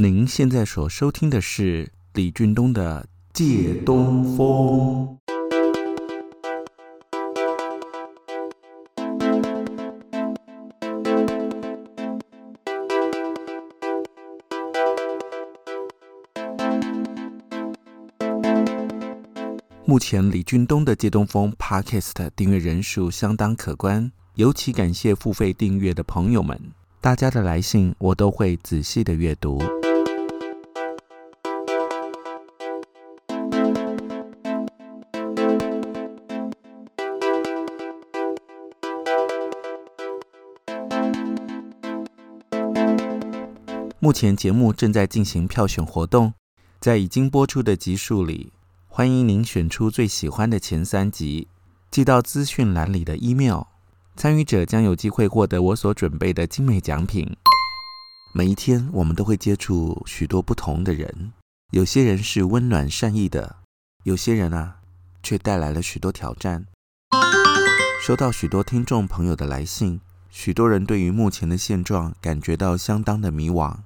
您現在所收聽的是李俊東的《借東風》。目前李俊東的《借東風》Podcast 訂閱人數相當可觀，尤其感謝付費訂閱的朋友們。大家的來信我都會仔細的閱讀。目前節目正在進行票選活動，在已經播出的集數裡，歡迎您選出最喜歡的前三集，寄到資訊欄裡的 email，參與者將有機會獲得我所準備的精美獎品。每一天，我們都會接觸許多不同的人，有些人是溫暖善意的，有些人啊，却帶來了許多挑戰。收到許多聽眾朋友的來信，許多人對於目前的現狀感覺到相當的迷惘。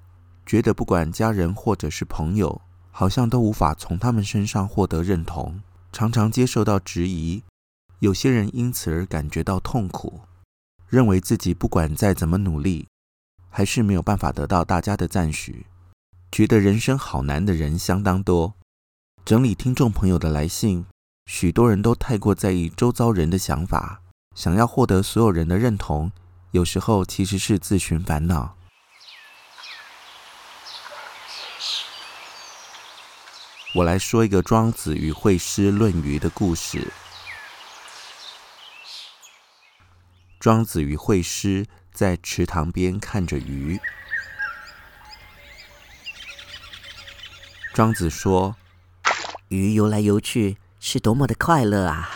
覺得不管家人或者是朋友，好像都無法從他們身上獲得認同，常常接受到質疑。有些人因此而感覺到痛苦，認為自己不管再怎麼努力，還是沒有辦法得到大家的讚許。覺得人生好難的人相當多。整理聽眾朋友的來信，許多人都太過在意周遭人的想法，想要獲得所有人的認同，有時候其實是自尋煩惱。我來說一個莊子與惠施論魚的故事。莊子與惠施在池塘邊看着魚。莊子說：“魚游來游去，是多麼的快樂啊！”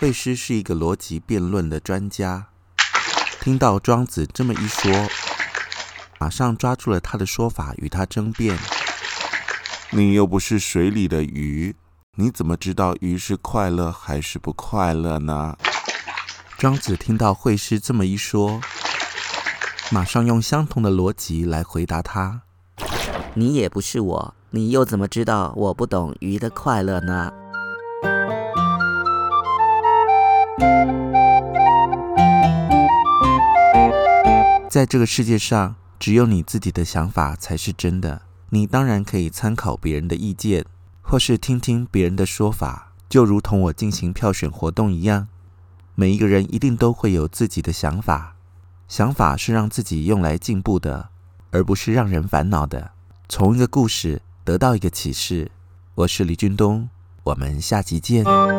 惠施是一個邏輯辯論的專家，聽到莊子這麼一說，馬上抓住了他的說法與他爭辯。你又不是水裡的魚，你怎麼知道魚是快樂還是不快樂呢？莊子聽到惠施這麼一說，馬上用相同的邏輯來回答他：“你也不是我，你又怎麼知道我不懂魚的快樂呢？”在這個世界上，只有你自己的想法才是真的。你當然可以參考別人的意見，或是聽聽別人的說法，就如同我進行票選活動一樣。每一個人一定都會有自己的想法，想法是讓自己用來進步的，而不是讓人煩惱的。從一個故事得到一個啟示。我是李俊東，我們下集見。嗯